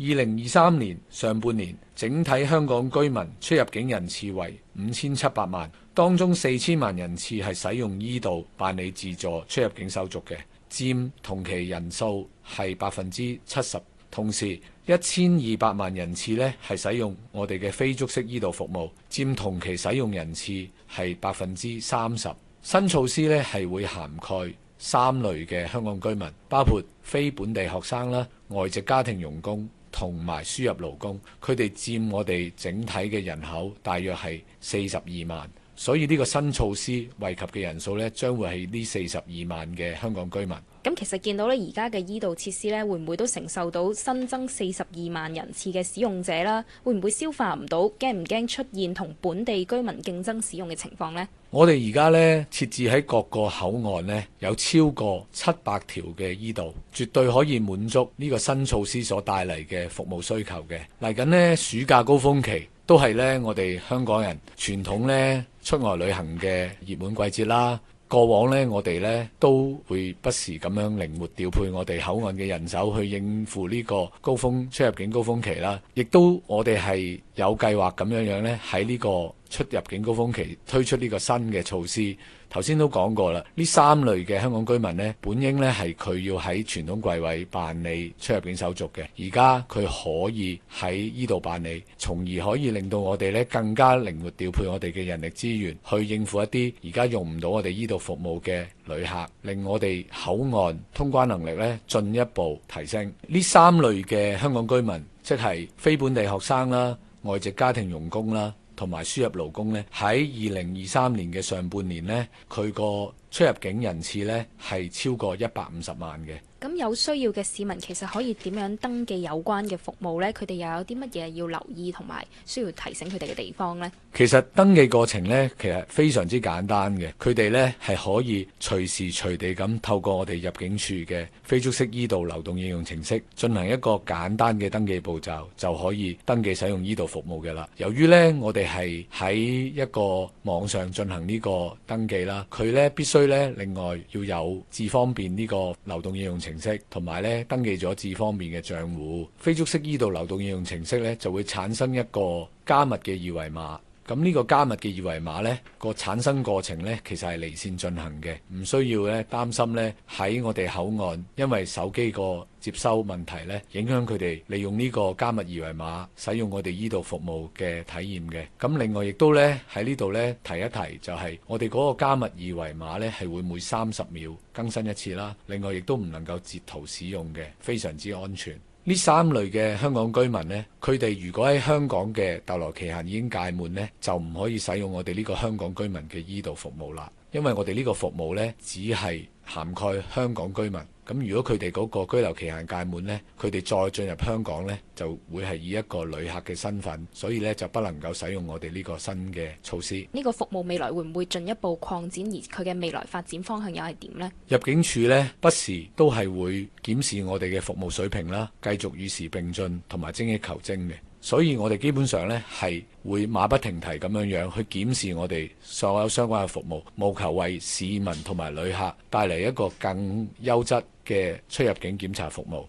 二零二三年上半年，整體香港居民出入境人次為五千七百萬，當中四千萬人次係使用 e 道辦理自助出入境手續嘅，佔同期人數係百分之七十。同時，一千二百萬人次呢係使用我哋嘅非觸式 e 道服務，佔同期使用人次係百分之三十。新措施呢係會涵蓋三類嘅香港居民，包括非本地學生啦、外籍家庭傭工。同埋輸入勞工，佢哋佔我哋整體嘅人口，大約係四十二萬。所以呢個新措施惠及嘅人數呢，將會係呢四十二萬嘅香港居民。咁其實見到呢而家嘅 e 道設施呢，會唔會都承受到新增四十二萬人次嘅使用者啦？會唔會消化唔到？驚唔驚出現同本地居民競爭使用嘅情況呢？我哋而家呢設置喺各個口岸呢，有超過七百條嘅 e 道，絕對可以滿足呢個新措施所帶嚟嘅服務需求嘅。嚟緊呢暑假高峰期，都係呢，我哋香港人傳統呢出外旅行嘅熱門季節啦。過往呢，我哋呢都會不時咁樣靈活調配我哋口岸嘅人手去應付呢個高峰出入境高峰期啦。亦都我哋係有計劃咁樣樣呢喺呢個出入境高峰期推出呢個新嘅措施，頭先都講過啦。呢三類嘅香港居民咧，本應咧係佢要喺傳統櫃位辦理出入境手續嘅，而家佢可以喺呢度辦理，從而可以令到我哋咧更加靈活調配我哋嘅人力資源去應付一啲而家用唔到我哋呢度服務嘅旅客，令我哋口岸通關能力咧進一步提升。呢三類嘅香港居民，即係非本地學生啦、外籍家庭傭工啦。同埋輸入勞工呢，喺二零二三年嘅上半年呢，佢個出入境人次呢，係超過一百五十萬嘅。咁有需要嘅市民其實可以點樣登記有關嘅服務呢？佢哋又有啲乜嘢要留意同埋需要提醒佢哋嘅地方呢？其實登記過程呢，其實非常之簡單嘅。佢哋呢，係可以隨時隨地咁透過我哋入境處嘅非觸式 e 道流動應用程式進行一個簡單嘅登記步驟，就可以登記使用 e 道服務嘅啦。由於呢，我哋係喺一個網上進行呢個登記啦，佢呢必須。所以咧，另外要有智方便呢個流動應用程式，同埋咧登記咗智方便嘅賬戶。非觸式 e 道流動應用程式咧，就會產生一個加密嘅二維碼。咁呢個加密嘅二維碼呢、個產生過程呢，其實係離線進行嘅，唔需要呢擔心呢喺我哋口岸因為手機個接收問題呢，影響佢哋利用呢個加密二維碼使用我哋依度服務嘅體驗嘅。咁另外亦都呢喺呢度呢提一提、就係，就係我哋嗰個加密二維碼呢係會每三十秒更新一次啦。另外亦都唔能夠截圖使用嘅，非常之安全。呢三類嘅香港居民呢，佢哋如果喺香港嘅逗留期限已經屆滿呢，就唔可以使用我哋呢個香港居民嘅 e 道服務啦，因為我哋呢個服務呢，只係涵蓋香港居民。咁如果佢哋嗰個居留期限屆滿呢，佢哋再進入香港呢，就會係以一個旅客嘅身份，所以呢，就不能夠使用我哋呢個新嘅措施。呢個服務未來會唔會進一步擴展，而佢嘅未來發展方向又係點呢？入境處呢，不時都係會檢視我哋嘅服務水平啦，繼續與時並進同埋精益求精嘅。所以，我哋基本上咧係會馬不停蹄咁樣樣去檢視我哋所有相關嘅服務，務求為市民同埋旅客帶嚟一個更優質嘅出入境檢查服務。